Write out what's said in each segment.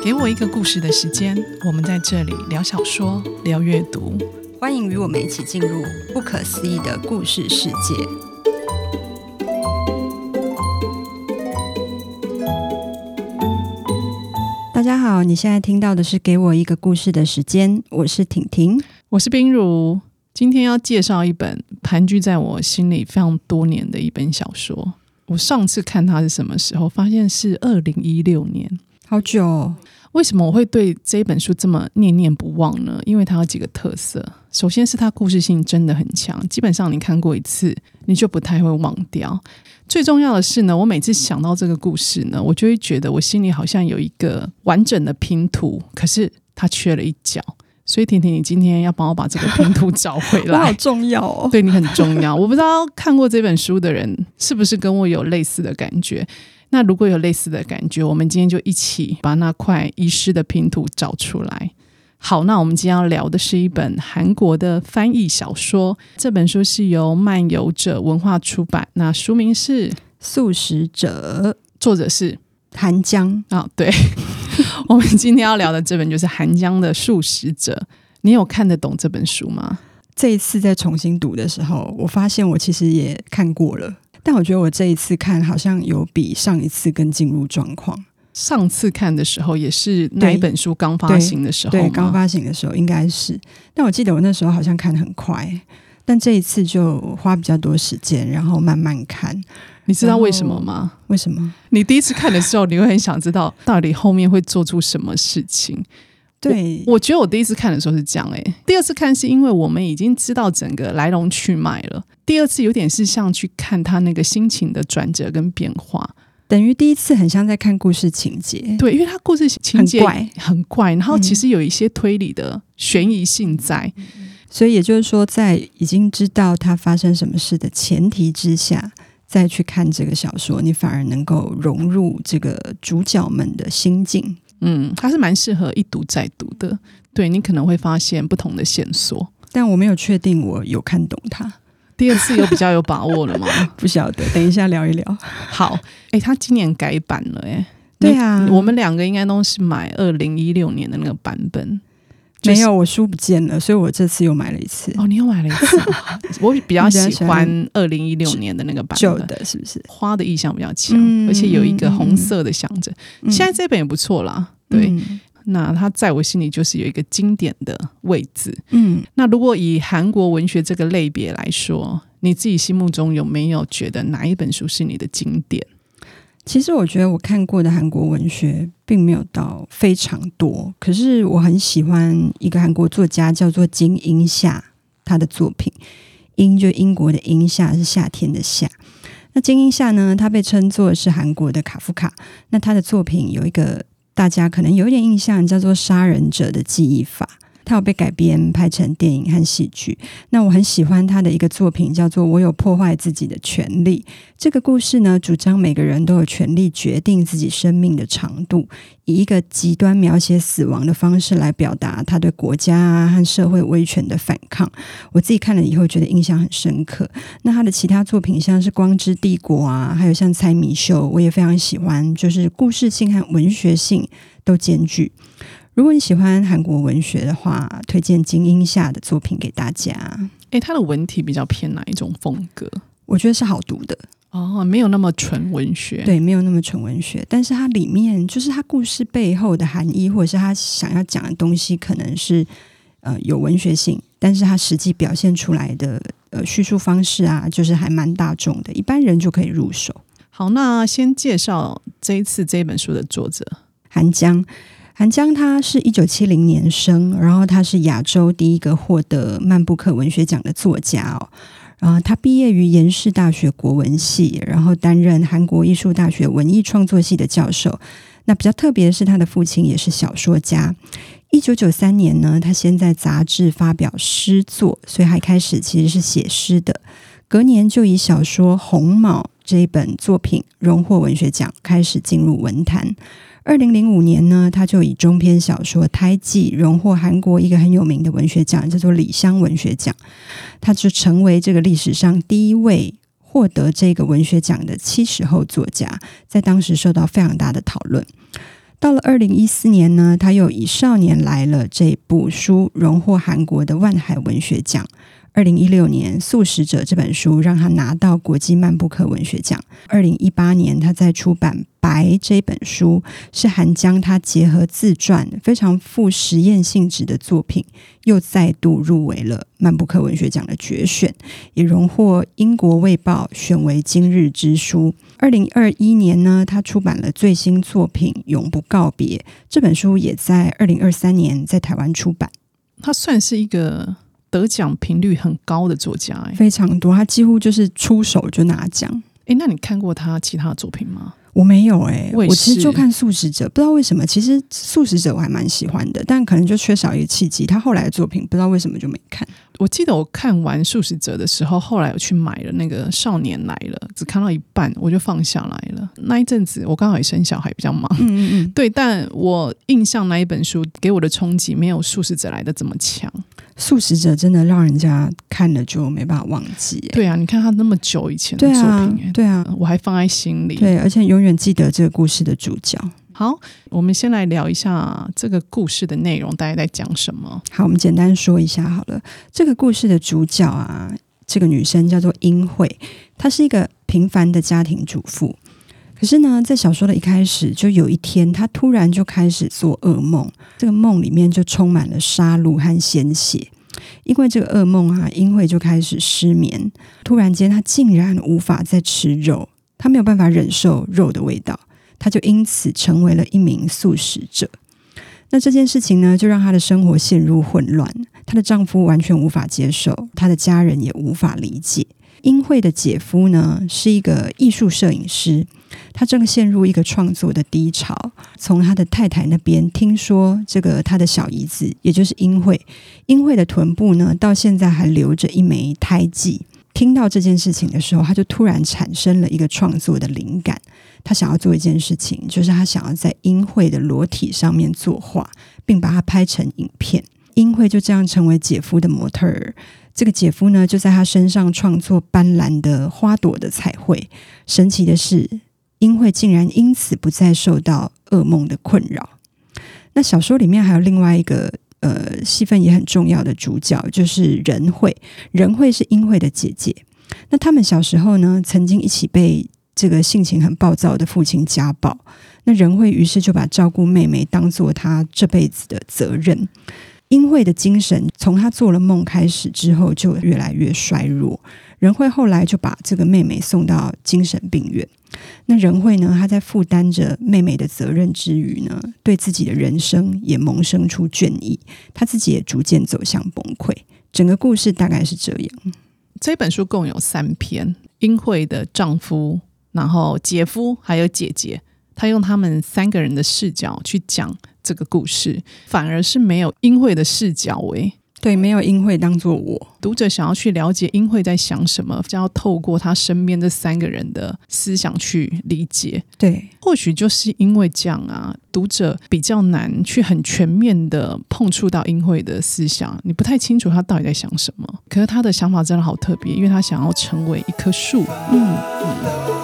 給我一個故事的時間，我們在這裡聊小說、聊閱讀，歡迎與我們一起進入不可思議的故事世界。大家好，你現在聽到的是《給我一個故事的時間》，我是婷婷，我是冰如。今天要介紹一本盤踞在我心裡非常多年的一本小說。我上次看它是什麼時候？發現是二零一六年。好久哦，為什麼我會對這一本書這麼念念不忘呢？因為它有幾個特色，首先是它故事性真的很強，基本上你看過一次，你就不太會忘掉。最重要的是呢，我每次想到這個故事呢，我就會覺得我心裡好像有一個完整的拼圖，可是它缺了一角。所以，婷婷，你今天要幫我把這個拼圖找回來， 好重要哦，對你很重要。我不知道看過這本書的人是不是跟我有類似的感覺。那如果有類似的感覺，我們今天就一起把那塊遺失的拼圖找出來。好，那我們今天要聊的是一本韓國的翻譯小說，這本書是由漫遊者文化出版。那書名是《素食者》，作者是韓江。啊、哦，對 我們今天要聊的這本就是韓江的《素食者》。你有看得懂這本書嗎？這一次在重新讀的時候，我發現我其實也看過了。但我覺得我這一次看好像有比上一次更進入狀況。上次看的時候也是那一本書剛發行的時候，對，剛發行的時候應該是。但我記得我那時候好像看的很快，但這一次就花比較多時間，然後慢慢看。你知道為什麼嗎？為什麼？你第一次看的時候，你會很想知道到底後面會做出什麼事情。對，我覺得我第一次看的時候是這樣誒、欸，第二次看是因為我們已經知道整個來龍去脈了。第二次有點是像去看他那個心情的轉折跟變化，等於第一次很像在看故事情節。對，因為他故事情節很怪，很怪，然後其實有一些推理的懸疑性在、嗯，所以也就是說，在已經知道他發生什麼事的前提之下，再去看這個小說，你反而能夠融入這個主角們的心境。嗯，它是蠻適合一讀再讀的。對，你可能會發現不同的線索，但我沒有確定我有看懂它。第二次又比較有把握了嗎？ 不曉得，等一下聊一聊。好，哎、欸，他今年改版了欸，哎，對啊，我們兩個應該都是買二零一六年的那個版本。沒有，我書不見了，所以我這次又買了一次。哦，你又買了一次？啊。 我比較喜歡二零一六年的那個版本的，舊的，是不是花的意象比較強？嗯，而且有一個紅色的箱子，嗯。現在這本也不錯啦，嗯，對，嗯。那它在我心裡就是有一個經典的位置。嗯，那如果以韓國文學這個類別來說，你自己心目中有沒有覺得哪一本書是你的經典？其實我覺得我看過的韓國文學並沒有到非常多，可是我很喜歡一個韓國作家叫做金英夏，他的作品“英”就英國的英，“夏”是夏天的“夏”。那金英夏呢，他被稱作是韓國的卡夫卡。那他的作品有一個大家可能有點印象，叫做《殺人者的記憶法》。他有被改編拍成電影和戲劇。那我很喜歡他的一個作品，叫做《我有破壞自己的權利》。這個故事呢，主張每個人都有權利決定自己生命的長度，以一個極端描寫死亡的方式來表達他對國家啊和社會威權的反抗。我自己看了以後，覺得印象很深刻。那他的其他作品，像是《光之帝國》啊，還有像《猜謎秀》，我也非常喜歡，就是故事性和文學性都兼具。如果你喜歡韓國文學的話，推薦金英夏的作品給大家。誒，他的文體比較偏哪一種風格？我覺得是好讀的哦，沒有那麼純文學。對，沒有那麼純文學，但是它裡面就是他故事背後的含義，或者是他想要講的東西，可能是呃有文學性，但是他實際表現出來的呃敘述方式啊，就是還蠻大眾的，一般人就可以入手。好，那先介紹這一次這一本書的作者韓江。韓江，他是一九七零年生，然後他是亞洲第一個獲得曼布克文學獎的作家哦。然後他畢業於延世大學國文系，然後擔任韓國藝術大學文藝創作系的教授。那比較特別是，他的父親也是小說家。一九九三年呢，他先在雜誌發表詩作，所以他一開始其實是寫詩的。隔年就以小說《紅帽》這一本作品榮獲文學獎，開始進入文壇。二零零五年呢，他就以中篇小說《胎記》榮獲韓國一個很有名的文學獎，叫做李箱文學獎。他就成為這個歷史上第一位獲得這個文學獎的七十後作家，在當時受到非常大的討論。到了二零一四年呢，他又以《少年來了》這部書榮獲韓國的萬海文學獎。二零一六年，《素食者》這本書讓他拿到國際曼布克文學獎。二零一八年，他在出版《白》這本書，是韓江他結合自傳非常富實驗性質的作品，又再度入圍了曼布克文學獎的決選，也榮獲英國《衛報》選為今日之書。二零二一年呢，他出版了最新作品《永不告別》這本書，也在二零二三年在台灣出版。他算是一個，得獎頻率很高的作家哎、欸，非常多，他幾乎就是出手就拿獎。哎、欸，那你看過他其他的作品嗎？我沒有哎、欸，我其實就看《素食者》，不知道為什麼，其實《素食者》我還蠻喜歡的，但可能就缺少一個契機。他後來的作品，不知道為什麼就沒看。我記得我看完《素食者》的時候，後來我去買了那個《少年來了》，只看到一半我就放下來了。那一陣子我剛好也生小孩，比較忙。嗯嗯嗯， 對。但我印象那一本書給我的衝擊，沒有《素食者》來得這麼強。《素食者》真的讓人家看了就沒辦法忘記。對啊，你看他那麼久以前的作品對啊，對啊，我還放在心裡。對，而且永遠記得這個故事的主角。好，我們先來聊一下這個故事的內容，大概在講什麼？好，我們簡單說一下好了。這個故事的主角啊，這個女生叫做英惠，她是一個平凡的家庭主婦。可是呢，在小說的一開始，就有一天，她突然就開始做噩夢，這個夢裡面就充滿了殺戮和鮮血。因為這個噩夢啊，英惠就開始失眠。突然間，她竟然無法再吃肉，她沒有辦法忍受肉的味道，她就因此成為了一名素食者。那這件事情呢，就讓她的生活陷入混亂。她的丈夫完全無法接受，她的家人也無法理解。英惠的姐夫呢，是一個藝術攝影師，他正陷入一個創作的低潮。從他的太太那邊聽說，這個他的小姨子，也就是英惠。英惠的臀部呢，到現在還留着一枚胎記。聽到這件事情的時候，他就突然產生了一個創作的靈感，他想要做一件事情，就是他想要在英惠的裸體上面作畫，並把它拍成影片。英惠就這樣成為姐夫的模特兒。這個姐夫呢，就在他身上創作斑斕的花朵的彩繪。神奇的是，英惠竟然因此不再受到噩夢的困擾。那小說裡面還有另外一個呃，戲份也很重要的主角，就是仁惠。仁惠是英惠的姐姐。那他們小時候呢，曾經一起被這個性情很暴躁的父親家暴。那仁惠於是就把照顧妹妹當做她這輩子的責任。英惠的精神從她做了夢開始之後就越來越衰弱，仁惠後來就把這個妹妹送到精神病院。那仁惠呢，她在負擔着妹妹的責任之餘呢，對自己的人生也萌生出倦意，她自己也逐漸走向崩潰。整個故事大概是這樣。這本書共有三篇：英惠的丈夫，然後姐夫，還有姐姐。她用他們三個人的視角去講。這個故事反而是沒有英惠的視角，耶對，沒有英惠。當做我讀者想要去了解英惠在想什麼，就要透過他身邊這三個人的思想去理解。對，或許就是因為這樣啊，讀者比較難去很全面的碰觸到英惠的思想，你不太清楚他到底在想什麼？可是他的想法真的好特別，因為他想要成為一棵樹，嗯。嗯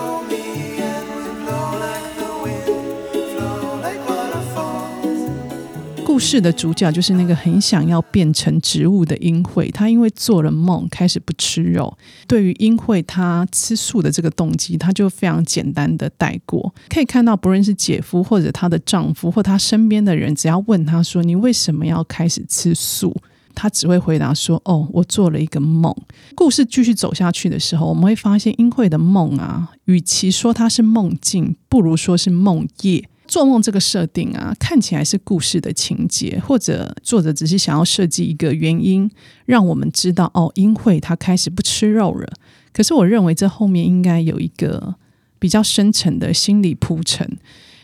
故事的主角就是那個很想要變成植物的英惠。她因為做了夢開始不吃肉。對於英惠，她吃素的這個動機，她就非常簡單的帶過。可以看到，不論是姐夫或者她的丈夫或她身邊的人，只要問她說你為什麼要開始吃素，她只會回答說：“哦，我做了一個夢。”故事繼續走下去的時候，我們會發現英惠的夢啊，與其說它是夢境，不如說是夢魘。做夢這個設定啊，看起來是故事的情節，或者作者只是想要設計一個原因，讓我們知道哦，因為他開始不吃肉了。可是我認為這後面應該有一個比較深層的心理鋪陳，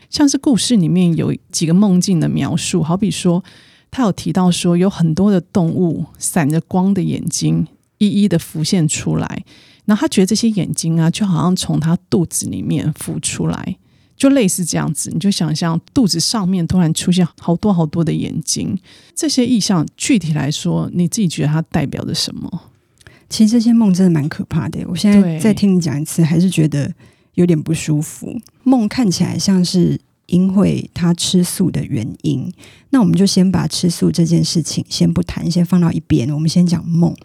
像是故事裡面有幾個夢境的描述，好比說他有提到說有很多的動物閃着光的眼睛一一的浮現出來，那他覺得這些眼睛啊，就好像從他肚子裡面浮出來。就類似這樣子，你就想象肚子上面突然出現好多好多的眼睛，這些意象具體來說，你自己覺得它代表着什麼？其實這些夢真的蠻可怕的。我現在再聽你講一次，還是覺得有點不舒服。夢看起來像是因為他吃素的原因，那我們就先把吃素這件事情先不談，先放到一邊。我們先講夢，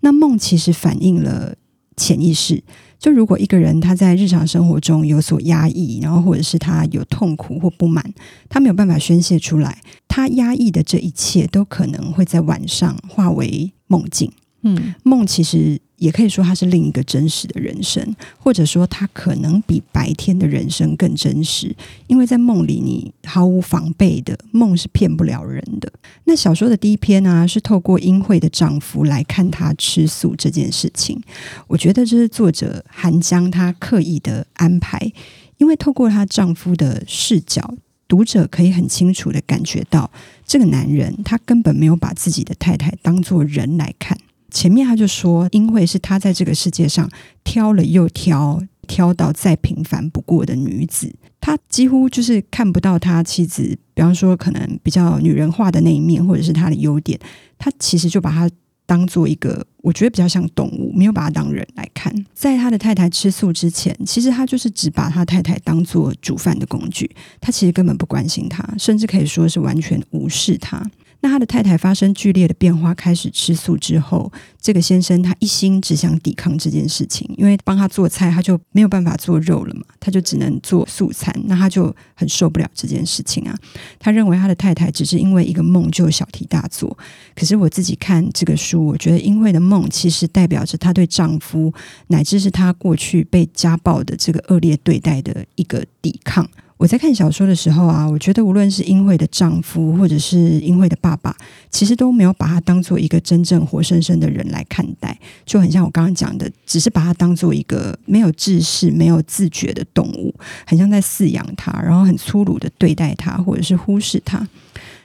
那夢其實反映了潛意識。就如果一個人他在日常生活中有所壓抑，然後或者是他有痛苦或不滿，他沒有辦法宣洩出來，他壓抑的這一切都可能會在晚上化為夢境。嗯，夢其實。也可以說，他是另一個真實的人生，或者說，他可能比白天的人生更真實。因為在夢裡，你毫無防備的夢是騙不了人的。那小說的第一篇呢，是透過英惠的丈夫來看她吃素這件事情，我覺得這是作者韓江她刻意的安排，因為透過她丈夫的視角，讀者可以很清楚的感覺到，這個男人他根本沒有把自己的太太當做人來看。前面他就說，因為是他在這個世界上挑了又挑，挑到再平凡不過的女子。他幾乎就是看不到他妻子，比方說可能比較女人化的那一面，或者是他的優點。他其實就把他當做一個，我覺得比較像動物，沒有把他當人來看。在他的太太吃素之前，其實他就是只把他太太當作煮飯的工具。他其實根本不關心她，甚至可以說是完全無視她。那他的太太發生劇烈的變化，開始吃素之後，這個先生他一心只想抵抗這件事情，因為幫他做菜，他就沒有辦法做肉了嘛，他就只能做素餐，那他就很受不了這件事情啊。他認為他的太太只是因為一個夢就小題大做，可是我自己看這個書，我覺得英惠的夢其實代表着她對丈夫乃至是他過去被家暴的這個惡劣對待的一個抵抗。我在看小說的時候啊，我覺得無論是英惠的丈夫，或者是英惠的爸爸，其實都沒有把他當做一個真正活生生的人來看待，就很像我剛剛講的，只是把他當做一個沒有意識、沒有自覺的動物，很像在飼養他，然後很粗魯的對待他，或者是忽視他。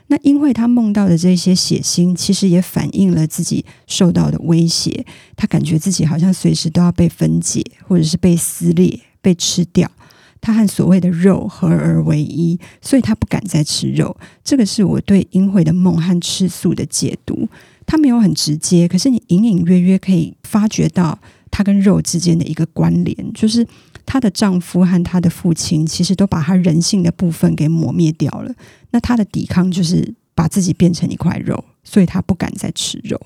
那英惠他夢到的這些血腥，其實也反映了自己受到的威脅，他感覺自己好像隨時都要被分解，或者是被撕裂、被吃掉。她和所謂的肉合而為一，所以她不敢再吃肉。這個是我對英惠的夢和吃素的解讀。她沒有很直接，可是你隱隱約約可以發覺到她跟肉之間的一個關聯，就是她的丈夫和她的父親其實都把她人性的部分給磨滅掉了。那她的抵抗就是把自己變成一塊肉，所以她不敢再吃肉。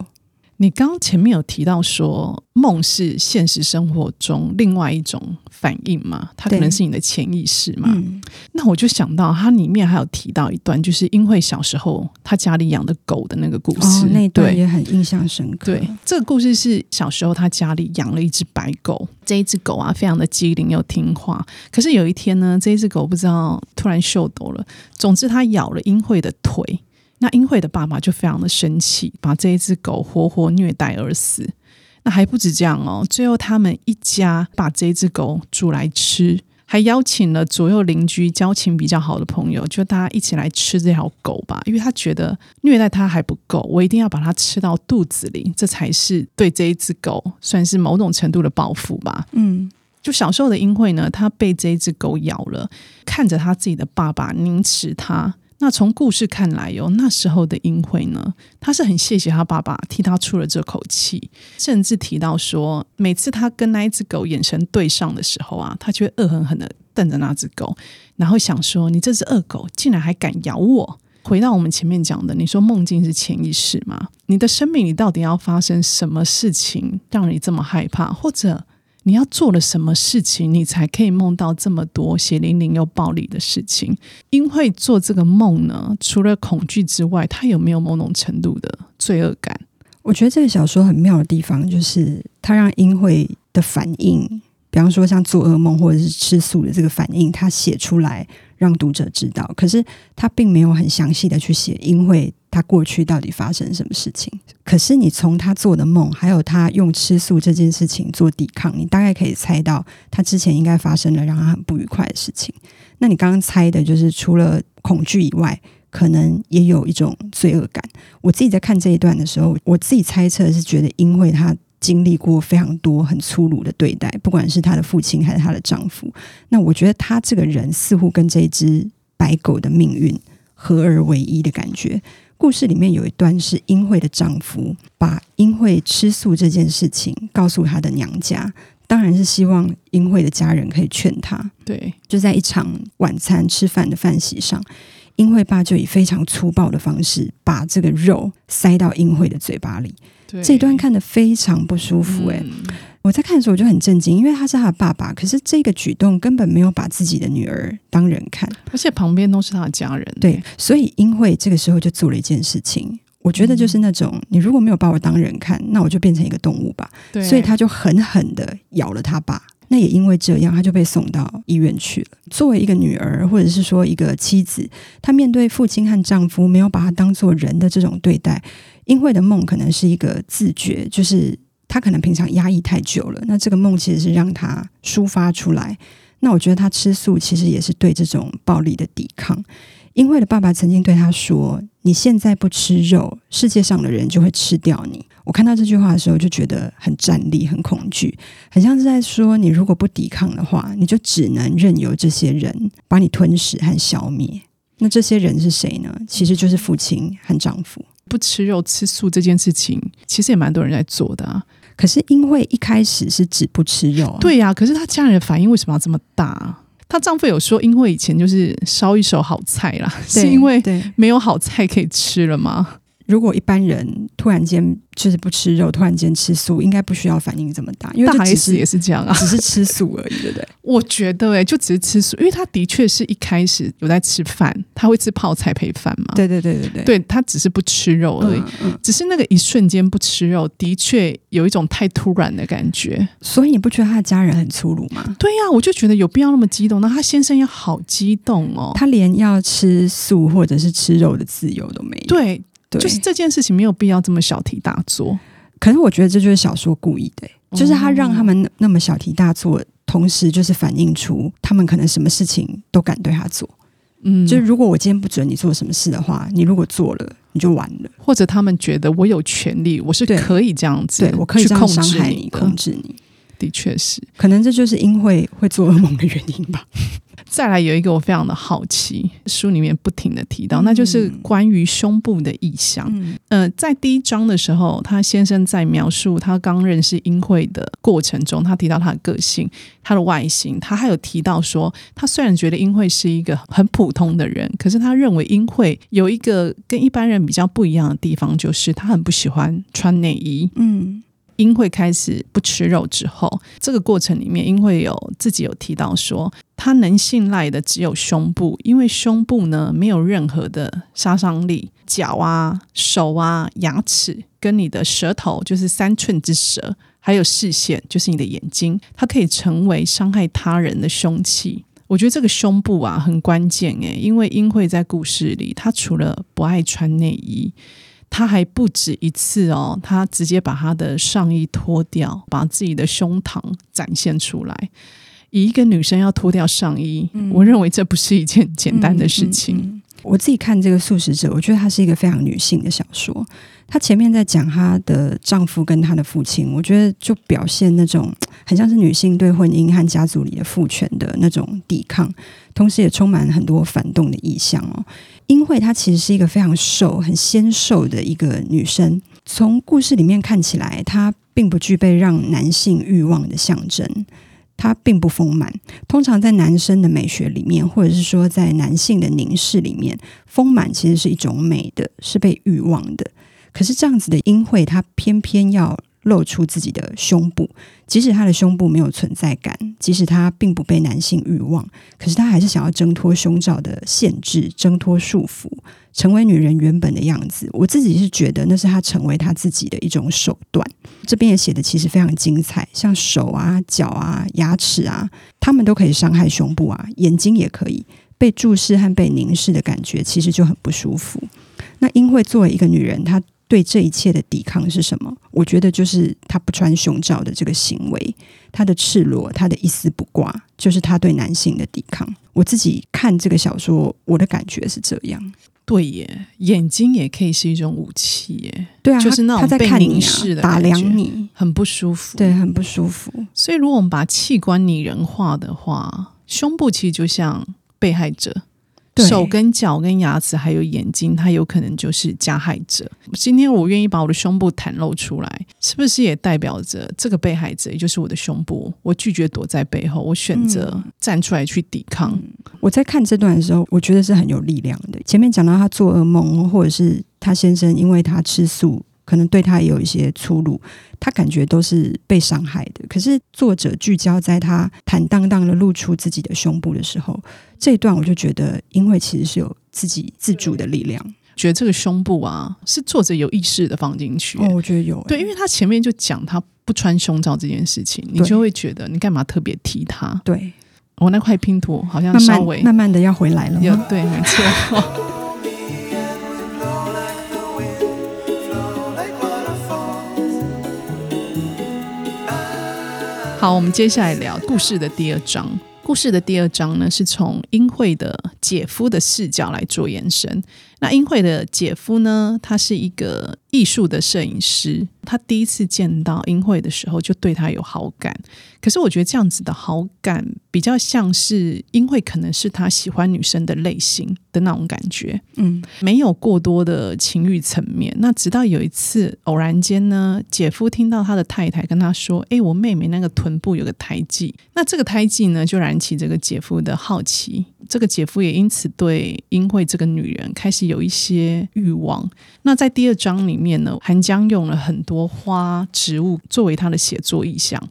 你剛剛前面有提到說，夢是現實生活中另外一種反應嘛？它可能是你的潛意識嘛、嗯？那我就想到它裡面還有提到一段，就是英惠小時候她家裡養的狗的那個故事。哦、那段也很印象深刻對。對，這個故事是小時候她家裡養了一隻白狗，這一隻狗啊非常的機靈又聽話。可是有一天呢，這一隻狗不知道突然秀逗了，總之它咬了英惠的腿。那英惠的爸爸就非常的生氣，把這一只狗活活虐待而死。那還不止這樣哦，最後他們一家把這只狗煮來吃，還邀請了左右鄰居、交情比較好的朋友，就大家一起來吃這條狗吧。因爲他覺得虐待它還不夠，我一定要把它吃到肚子裡，這才是對這一只狗算是某種程度的報復吧。嗯，就小時候的英惠呢，她被這一只狗咬了，看着她自己的爸爸凌遲他。那從故事看來喲、哦，那時候的英惠呢，她是很謝謝她爸爸替她出了這口氣，甚至提到說，每次她跟那一只狗眼神對上的時候啊，她就會惡狠狠地瞪着那只狗，然後想說，你這只惡狗竟然還敢咬我。回到我們前面講的，你說夢境是潛意識嗎？你的生命裡到底要發生什麼事情，讓你這麼害怕？或者？你要做了什麼事情，你才可以夢到這麼多血淋淋又暴力的事情？英惠做這個夢呢，除了恐懼之外，他有沒有某種程度的罪惡感？我覺得這個小說很妙的地方，就是他讓英惠的反應。比方說，像做噩夢或者是吃素的這個反應，他寫出來讓讀者知道，可是他並沒有很詳細的去寫，因為他過去到底發生什麼事情？可是你從他做的夢，還有他用吃素這件事情做抵抗，你大概可以猜到他之前應該發生了讓他很不愉快的事情。那你剛剛猜的就是除了恐懼以外，可能也有一種罪惡感。我自己在看這一段的時候，我自己猜測的是覺得，因為他。經歷過非常多很粗魯的對待，不管是她的父親還是她的丈夫。那我覺得她這個人似乎跟這隻白狗的命運合而為一的感覺。故事裡面有一段是英惠的丈夫把英惠吃素這件事情告訴她的娘家，當然是希望英惠的家人可以勸她。對，就在一場晚餐吃飯的飯席上，英惠爸就以非常粗暴的方式把這個肉塞到英惠的嘴巴裡。這一段看得非常不舒服、欸，哎、嗯，我在看的時候我就很震驚，因為他是他的爸爸，可是這個舉動根本沒有把自己的女兒當人看，而且旁邊都是他的家人、欸，對，所以因為英惠這個時候就做了一件事情，我覺得就是那種、嗯、你如果沒有把我當人看，那我就變成一個動物吧，對，所以他就狠狠地咬了他爸，那也因為這樣，他就被送到醫院去了。作為一個女兒，或者是說一個妻子，她面對父親和丈夫沒有把她當做人的這種對待。英惠的夢可能是一個自覺，就是他可能平常壓抑太久了，那這個夢其實是讓他抒發出來。那我覺得他吃素其實也是對這種暴力的抵抗。英惠的爸爸曾經對他說：“你現在不吃肉，世界上的人就會吃掉你。”我看到這句話的時候就覺得很戰慄、很恐懼，很像是在說：“你如果不抵抗的話，你就只能任由這些人把你吞噬和消滅。”那這些人是誰呢？其實就是父親和丈夫。不吃肉吃素這件事情，其實也蠻多人在做的啊。可是因為一開始是只不吃肉啊，對呀啊。可是她家人的反應為什麼要這麼大？她丈夫有說，因為以前就是燒一手好菜啦，是因為沒有好菜可以吃了嗎？ 如果一般人突然間就是不吃肉，突然間吃素，應該不需要反應這麼大，因為不好意思也是這樣啊，只是吃素而已，對不對？我覺得、欸，哎，就只是吃素，因為他的確是一開始有在吃飯，他會吃泡菜配飯嘛，對對對對對，對他只是不吃肉而已、嗯嗯，只是那個一瞬間不吃肉，的確有一種太突然的感覺。所以你不覺得他的家人很粗魯嗎？對呀、啊，我就覺得有必要那麼激動，那他先生也好激動哦，他連要吃素或者是吃肉的自由都沒有。對。就是這件事情沒有必要這麼小題大做，可是我覺得這就是小說故意的、欸嗯，就是他讓他們那麼小題大做、嗯，同時就是反映出他們可能什麼事情都敢對他做。嗯，就是如果我今天不准你做什麼事的話，你如果做了，你就完了。或者他們覺得我有權利，我是可以這樣子，對對，我可以去控制你，我可以這樣傷害你，控制你。的確是，可能這就是英惠會做噩夢的原因吧。 再來有一個我非常的好奇，書裡面不停的提到、嗯，那就是關於胸部的意象。嗯，呃，在第一章的時候，他先生在描述他剛認識英惠的過程中，他提到他的個性、他的外形，他還有提到說，他雖然覺得英惠是一個很普通的人，可是他認為英惠有一個跟一般人比較不一樣的地方，就是他很不喜歡穿內衣。嗯。英惠開始不吃肉之後，這個過程裡面英惠，英惠有自己有提到說，他能信賴的只有胸部，因為胸部呢沒有任何的殺傷力。腳啊、手啊、牙齒跟你的舌頭，就是三寸之舌，還有視線，就是你的眼睛，它可以成為傷害他人的凶器。我覺得這個胸部啊很關鍵誒、欸。因為英惠在故事裡，他除了不愛穿內衣。她還不止一次哦，她直接把她的上衣脫掉，把自己的胸膛展現出來。以一個女生要脫掉上衣，嗯，我認為這不是一件簡單的事情，嗯嗯嗯。我自己看這個素食者，我覺得她是一個非常女性的小說。她前面在講她的丈夫跟她的父親，我覺得就表現那種很像是女性對婚姻和家族裡的父權的那種抵抗，同時也充滿很多反動的意象哦。英惠，她其實是一個非常瘦、很纖瘦的一個女生。從故事裡面看起來，她並不具備讓男性慾望的象徵，她並不豐滿。通常在男生的美學裡面，或者是說在男性的凝視裡面，豐滿其實是一種美的，是被慾望的。可是這樣子的英惠，她偏偏要。露出自己的胸部，即使她的胸部沒有存在感，即使她並不被男性慾望，可是她還是想要掙脫胸罩的限制，掙脫束縛，成為女人原本的樣子。我自己是覺得那是她成為她自己的一種手段。這邊也寫得其實非常精彩，像手啊、腳啊、牙齒啊，他們都可以傷害胸部啊，眼睛也可以被注視和被凝視的感覺，其實就很不舒服。那因為作為一個女人，她。對這一切的抵抗是什麼？我覺得就是他不穿胸罩的這個行為，他的赤裸，他的一絲不掛，就是他對男性的抵抗。我自己看這個小說，我的感覺是這樣。對耶，眼睛也可以是一種武器耶。對啊，就是那種被凝視的、啊、打量你，很不舒服。對，很不舒服。所以，如果我們把器官擬人化的話，胸部其實就像被害者。手跟腳跟牙齒還有眼睛，他有可能就是加害者。今天我願意把我的胸部袒露出來，是不是也代表着這個被害者，也就是我的胸部，我拒絕躲在背後，我選擇站出來去抵抗。嗯嗯。我在看這段的時候，我覺得是很有力量的。前面講到他做噩夢，或者是他先生因為他吃素。可能對他也有一些粗魯，他感覺都是被傷害的。可是作者聚焦在他坦蕩蕩的露出自己的胸部的時候，這一段我就覺得，因為其實是有自己自主的力量，覺得這個胸部啊，是作者有意識的放進去。哦，我覺得有，對，因為他前面就講他不穿胸罩這件事情，你就會覺得你幹嘛特別提他？對，我、哦、那塊拼圖好像稍微慢慢慢慢的要回來了嗎？有對，沒錯。 好，我們接下來聊故事的第二章。故事的第二章呢，是從英惠的。姐夫的視角來做延伸。那英惠的姐夫呢，他是一個藝術的攝影師。他第一次見到英惠的時候，就對她有好感。可是我覺得這樣子的好感，比較像是英惠，可能是他喜歡女生的類型的那種感覺。嗯，沒有過多的情欲層面。那直到有一次偶然間呢，姐夫聽到他的太太跟他說：“哎、欸，我妹妹那個臀部有個胎記。”那這個胎記呢，就燃起這個姐夫的好奇。這個姐夫也。因此，對英惠這個女人開始有一些慾望。那在第二章裡面呢，韓江用了很多花、植物作為他的寫作意象。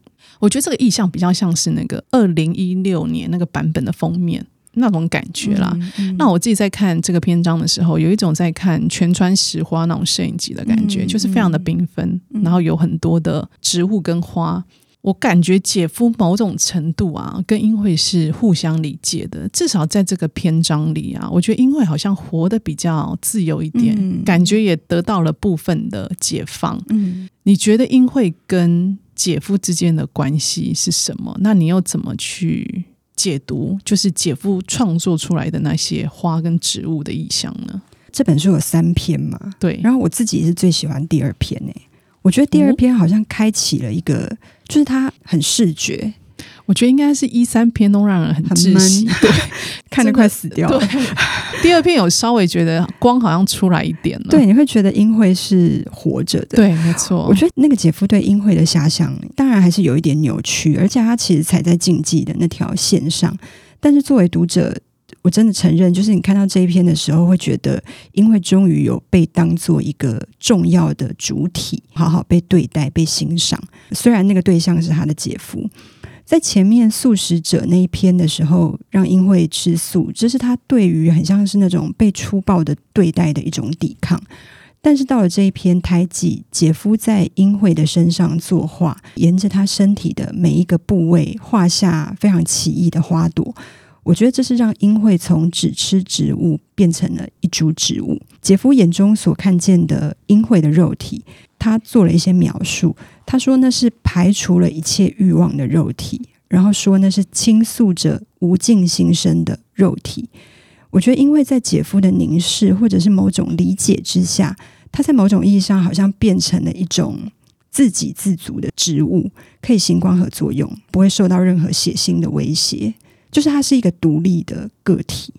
我覺得這個意象比較像是那個二零一六年那個版本的封面那種感覺啦、嗯嗯。那我自己在看這個篇章的時候，有一種在看蜷川實花那種攝影集的感覺，嗯嗯、就是非常的繽紛，然後有很多的植物跟花。我感覺姐夫某種程度啊，跟英惠是互相理解的，至少在這個篇章裡啊，我覺得英惠好像活得比較自由一點，嗯、感覺也得到了部分的解放。嗯，你覺得英惠跟姐夫之間的關係是什麼？那你又怎麼去解讀？就是姐夫創作出來的那些花跟植物的意象呢？這本書有三篇嘛？對，然後我自己也是最喜歡第二篇呢，我覺得第二篇好像開啟了一個。就是他很視覺，我覺得應該是一三篇都讓人很窒息，對， 看得快死掉了。第二篇有稍微覺得光好像出來一點了， 對，你會覺得英惠是活着的，對，沒錯。我覺得那個姐夫對英惠的遐想當然還是有一點扭曲，而且他其實踩在禁忌的那條線上，但是作為讀者。我真的承認，就是你看到這一篇的時候，會覺得英惠終於有被當做一個重要的主體，好好被對待、被欣賞。雖然那個對象是他的姐夫，在前面素食者那一篇的時候，讓英惠吃素，這是他對於很像是那種被粗暴的對待的一種抵抗。但是到了這一篇《胎記》，姐夫在英惠的身上作畫，沿着他身體的每一個部位畫下非常奇異的花朵。我覺得這是讓英惠從只吃植物變成了一株植物。姐夫眼中所看見的英惠的肉體，他做了一些描述。他說那是排除了一切慾望的肉體，然後說那是傾訴着無盡心聲的肉體。我覺得，因為在姐夫的凝視或者是某種理解之下，他在某種意義上好像變成了一種自給自足的植物，可以行光合作用，不會受到任何血腥的威脅。就是他是一個獨立的個體，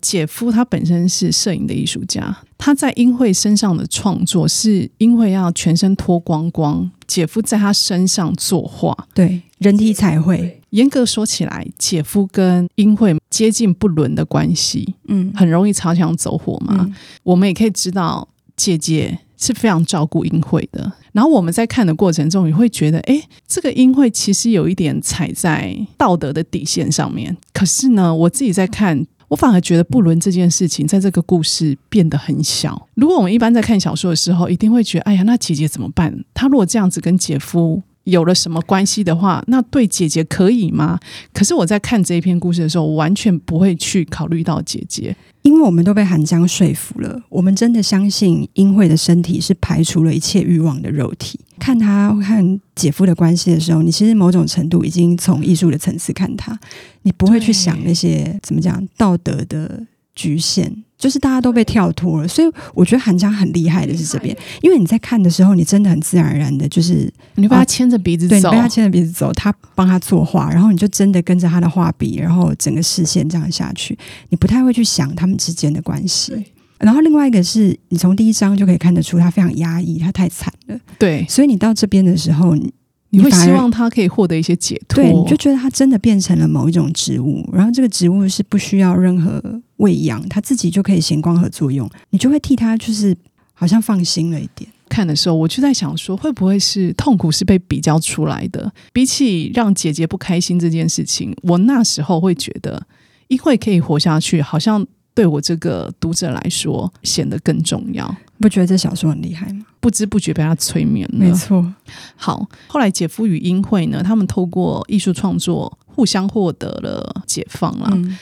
姐夫他本身是攝影的藝術家，他在英惠身上的創作是英惠要全身脫光光，姐夫在他身上作畫，對，人體彩繪。嚴格說起來，姐夫跟英惠接近不倫的關係，嗯，很容易擦槍走火嘛、嗯。我們也可以知道，姐姐。是非常照顧英惠的。然後我們在看的過程中，也會覺得，哎，這個英惠其實有一點踩在道德的底線上面。可是呢，我自己在看，我反而覺得不倫這件事情，在這個故事變得很小。如果我們一般在看小說的時候，一定會覺得，哎呀，那姐姐怎麼辦？她如果這樣子跟姐夫有了什麼關係的話，那對姐姐可以嗎？可是我在看這一篇故事的時候，我完全不會去考慮到姐姐，因為我們都被韓江說服了，我們真的相信英惠的身體是排除了一切欲望的肉體。看他和姐夫的關係的時候，你其實某種程度已經從藝術的層次看他，你不會去想那些怎麼講道德的局限，就是大家都被跳脫了。所以我覺得韓江很厲害的是這邊，因為你在看的時候，你真的很自然而然的，就是。你把他牽着鼻子走，啊、對，你把他牽着鼻子走，他幫他作畫，然後你就真的跟着他的畫筆，然後整個視線這樣下去，你不太會去想他們之間的關係。對，然後另外一個是，你從第一章就可以看得出，他非常壓抑，他太慘了。對，所以你到這邊的時候你反而，你會希望他可以獲得一些解脫，對，你就覺得他真的變成了某一種植物，然後這個植物是不需要任何餵養，他自己就可以行光合作用，你就會替他就是，好像放心了一點。看的時候，我就在想說，會不會是痛苦是被比較出來的？比起讓姐姐不開心這件事情，我那時候會覺得英惠可以活下去，好像對我這個讀者來說顯得更重要。不覺得這小說很厲害嗎？不知不覺被他催眠了。沒錯。好，後來姐夫與英惠呢，他們透過藝術創作互相獲得了解放了。嗯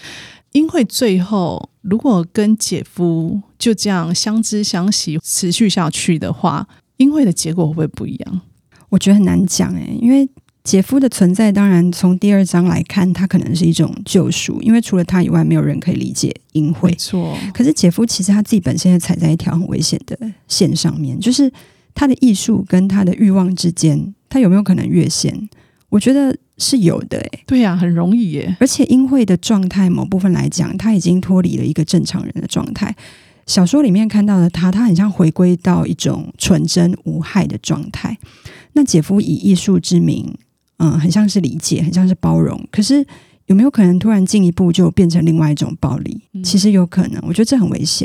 英惠最後如果跟姐夫就這樣相知相惜持續下去的話，英惠的結果會不，會不一樣？我覺得很難講，欸，因為姐夫的存在，當然從第二章來看，他可能是一種救贖，因為除了他以外，沒有人可以理解英惠。沒錯，可是姐夫其實他自己本身也踩在一條很危險的線上面，就是他的藝術跟他的慾望之間，他有沒有可能越線？我覺得是有的欸，對呀，啊，很容易耶，而且英惠的狀態，某部分來講，他已經脫離了一個正常人的狀態。小說裡面看到的他，他很像回歸到一種純真無害的狀態。那姐夫以藝術之名，嗯，很像是理解，很像是包容。可是有沒有可能突然進一步就變成另外一種暴力？嗯。其實有可能，我覺得這很危險。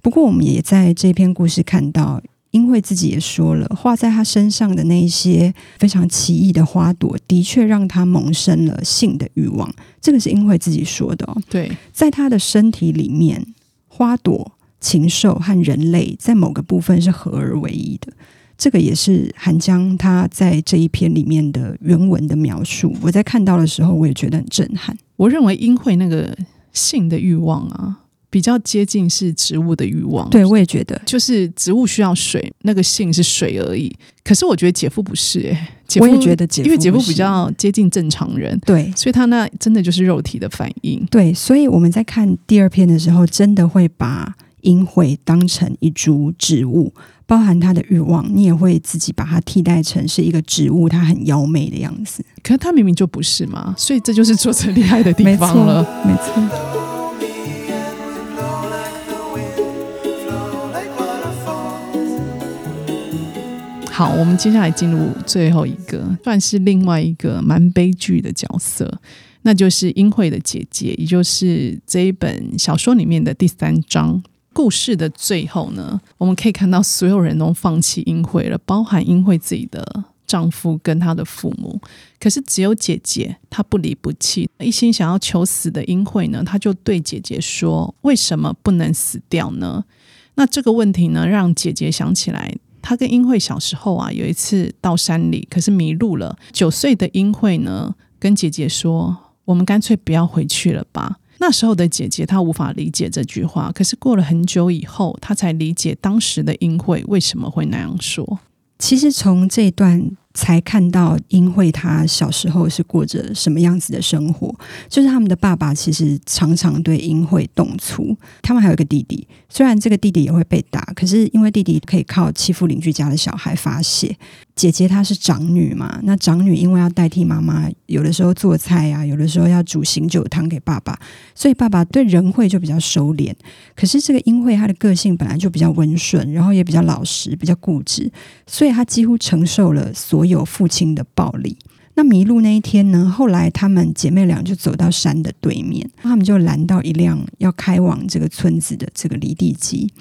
不過我們也在這篇故事看到。英惠自己也說了，畫在他身上的那些非常奇異的花朵，的確讓他萌生了性的慾望。這個是英惠自己說的哦。對，在他的身體裡面，花朵、禽獸和人類在某個部分是合而為一的。這個也是韓江他在這一篇裡面的原文的描述。我在看到的時候，我也覺得很震撼。我認為英惠那個性的慾望啊。比較接近是植物的慾望，對，我也覺得，就是植物需要水，那個性是水而已。可是我覺得姐夫不是、欸，哎，我也覺得姐夫是，夫因為姐夫比較接近正常人，對，所以他那真的就是肉體的反應，對。所以我們在看第二篇的時候，真的會把英惠當成一株植物，包含他的慾望，你也會自己把它替代成是一個植物，它很妖媚的樣子。可是他明明就不是嘛，所以這就是作者厲害的地方了，沒錯。沒錯好，我們接下來進入最後一個，算是另外一個蠻悲劇的角色，那就是英惠的姐姐，也就是這一本小說裡面的第三章故事的最後呢，我們可以看到所有人都放棄英惠了，包含英惠自己的丈夫跟她的父母，可是只有姐姐她不離不棄，一心想要求死的英惠呢，她就對姐姐說：“為什麼不能死掉呢？”那這個問題呢，讓姐姐想起來。他跟英惠小時候啊，有一次到山裡，可是迷路了。九歲的英惠呢，跟姐姐說：“我們乾脆不要回去了吧。”那時候的姐姐她無法理解這句話，可是過了很久以後，她才理解當時的英惠為什麼會那樣說。其實從這段，才看到英惠她小時候是過着什麼樣子的生活，就是他們的爸爸其實常常對英惠動粗，他們還有一個弟弟，雖然這個弟弟也會被打，可是因為弟弟可以靠欺負鄰居家的小孩發洩。姐姐她是長女嘛，那長女因為要代替媽媽，有的時候做菜啊，有的時候要煮醒酒湯給爸爸，所以爸爸對仁惠就比較收斂。可是這個英惠她的個性本來就比較溫順，然後也比較老實，比較固執，所以她幾乎承受了所有父親的暴力。那迷路那一天呢，後來他們姐妹倆就走到山的對面，他們就攔到一輛要開往這個村子的這個離地機。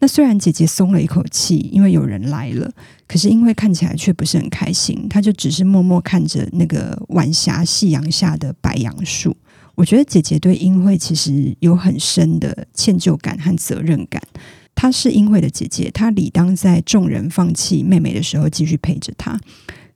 那雖然姐姐鬆了一口氣，因為有人來了，可是英惠看起來卻不是很開心，她就只是默默看着那個晚霞夕陽下的白楊樹。我覺得姐姐對英惠其實有很深的歉疚感和責任感。她是英惠的姐姐，她理當在眾人放棄妹妹的時候繼續陪着她。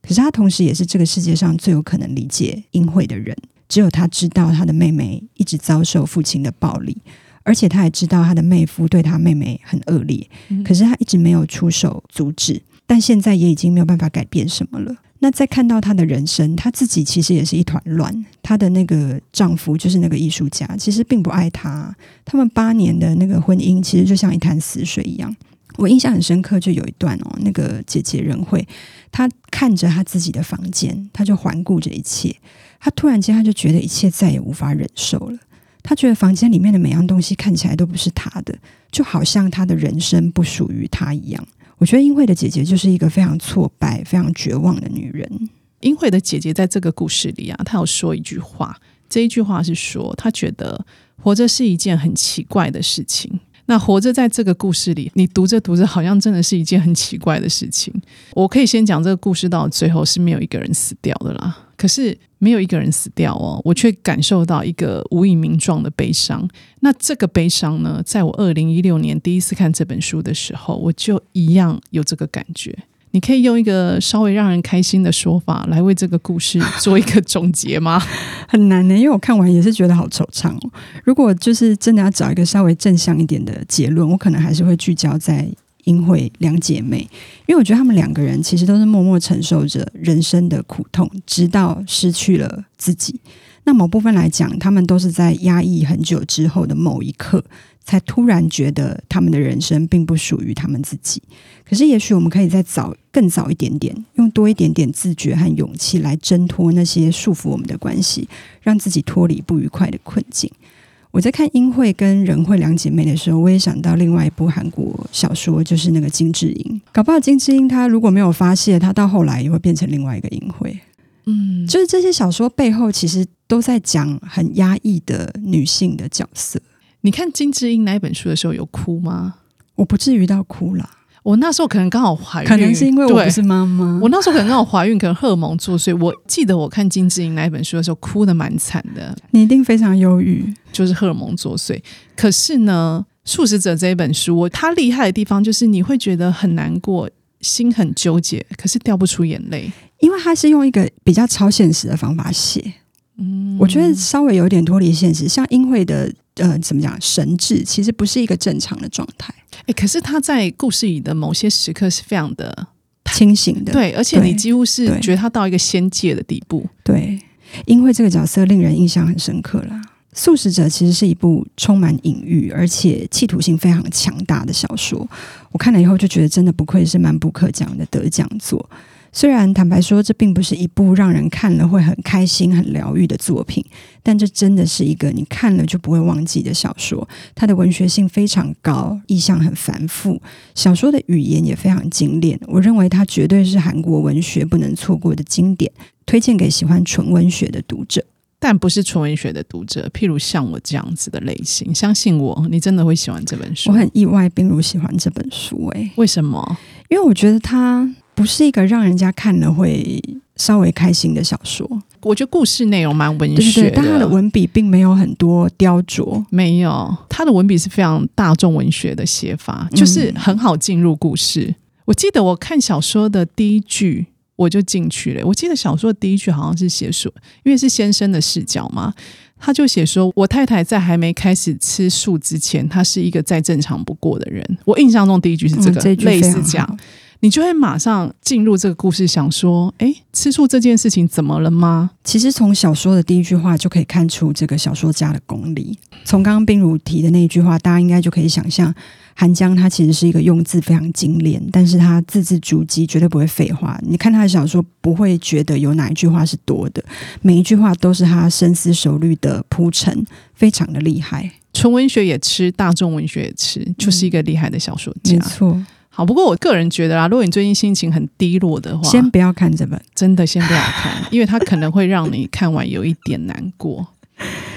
可是她同時也是這個世界上最有可能理解英惠的人，只有她知道她的妹妹一直遭受父親的暴力。而且她也知道她的妹夫對她妹妹很惡劣，嗯、可是她一直沒有出手阻止，但現在也已經沒有辦法改變什麼了。那再看到她的人生，她自己其實也是一團亂。她的那個丈夫就是那個藝術家，其實並不愛她。他們八年的那個婚姻，其實就像一潭死水一樣。我印象很深刻，就有一段哦，那個姐姐仁惠，她看着她自己的房間，她就環顧着一切，她突然間，她就覺得一切再也無法忍受了。他覺得房間裡面的每樣東西看起來都不是他的，就好像他的人生不屬於他一樣。我覺得英惠的姐姐就是一個非常挫敗、非常絕望的女人。英惠的姐姐在這個故事裡啊，她有說一句話，這一句話是說她覺得活着是一件很奇怪的事情。那活着在這個故事裡，你讀着讀着，好像真的是一件很奇怪的事情。我可以先講這個故事到最後是沒有一個人死掉的啦。可是沒有一個人死掉哦，我卻感受到一個無以名狀的悲傷。那這個悲傷呢，在我二零一六年第一次看這本書的時候，我就一樣有這個感覺。你可以用一個稍微讓人開心的說法來為這個故事做一個總結嗎？ 很難呢、欸，因為我看完也是覺得好惆悵哦。如果就是真的要找一個稍微正向一點的結論，我可能還是會聚焦在。因為兩姐妹，因為我覺得她們兩個人其實都是默默承受着人生的苦痛，直到失去了自己。那某部分來講，她們都是在壓抑很久之後的某一刻，才突然覺得她們的人生並不屬於她們自己。可是，也許我們可以再早、更早一點點，用多一點點自覺和勇氣，來掙脫那些束縛我們的關係，讓自己脫離不愉快的困境。我在看英惠跟仁惠兩姐妹的時候，我也想到另外一部韓國小說，就是那個金智英。搞不好金智英她如果沒有發洩，她到後來也會變成另外一個英惠。嗯，就是這些小說背後其實都在講很壓抑的女性的角色。你看金智英那一本書的時候有哭嗎？我不至於到哭了。我那時候可能剛好懷孕，可能是因為我不是媽媽。我那時候可能剛好懷孕，可能荷爾蒙作祟。我記得我看金智英那一本書的時候，哭得蠻慘的。你一定非常憂鬱，就是荷爾蒙作祟。可是呢，《素食者》這一本書，它厲害的地方就是你會覺得很難過，心很糾結，可是掉不出眼淚，因為它是用一個比較超現實的方法寫。嗯，我覺得稍微有點脫離現實。像英惠的，呃，怎麼講，神智其實不是一個正常的狀態。誒，可是他在故事裡的某些時刻是非常的清醒的，對，而且你幾乎是覺得他到一個仙界的地步，對對，對，因為這個角色令人印象很深刻啦。《素食者》其實是一部充滿隱喻而且企圖性非常強大的小說，我看了以後就覺得真的不愧是曼布克獎的得獎作。雖然坦白說，這並不是一部讓人看了會很開心、很療癒的作品，但這真的是一個你看了就不會忘記的小說。它的文學性非常高，意象很繁複，小說的語言也非常精煉。我認為它絕對是韓國文學不能錯過的經典，推薦給喜歡純文學的讀者。但不是純文學的讀者，譬如像我這樣子的類型，相信我，你真的會喜歡這本書。我很意外，並不喜歡這本書、欸，誒，為什麼？因為我覺得它。不是一個讓人家看了會稍微開心的小說，我覺得故事內容蠻文學的，對對，但他的文筆並沒有很多雕琢，沒有，他的文筆是非常大眾文學的寫法，就是很好進入故事。嗯，我記得我看小說的第一句我就進去了，我記得小說的第一句好像是寫說，因為是先生的視角嘛，他就寫說，我太太在還沒開始吃素之前，她是一個再正常不過的人。我印象中第一句是這個，嗯，這類似這樣。你就會馬上進入這個故事，想說：哎，吃素這件事情怎麼了嗎？其實從小說的第一句話就可以看出這個小說家的功力。從剛剛冰如提的那一句話，大家應該就可以想象，韓江他其實是一個用字非常精煉，但是他字字珠璣，絕對不會廢話。你看他的小說，不會覺得有哪一句話是多的，每一句話都是他深思熟慮的鋪陳，非常的厲害。純文學也吃，大眾文學也吃，就是一個厲害的小說家。嗯，沒錯。好，不過我個人覺得啊，如果你最近心情很低落的話，先不要看這本，真的先不要看， 因為它可能會讓你看完有一點難過。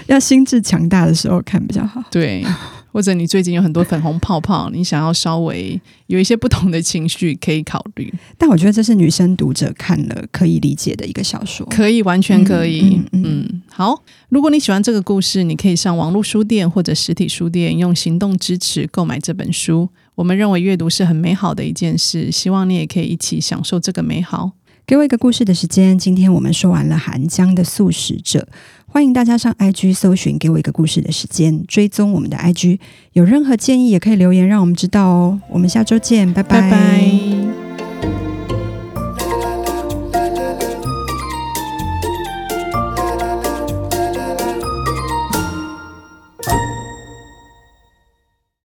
要心智強大的時候看比較好。對，或者你最近有很多粉紅泡泡， 你想要稍微有一些不同的情緒可以考慮。但我覺得這是女生讀者看了可以理解的一個小說，可以，完全可以。嗯嗯嗯。嗯，好，如果你喜歡這個故事，你可以上網絡書店或者實體書店用行動支持購買這本書。我們認為閱讀是很美好的一件事，希望你也可以一起享受這個美好。給我一個故事的時間，今天我們說完了《韓江的素食者》，歡迎大家上 IG 搜尋“給我一個故事的時間”，追蹤我們的 IG。有任何建議也可以留言讓我們知道哦。我們下周見，拜拜。拜拜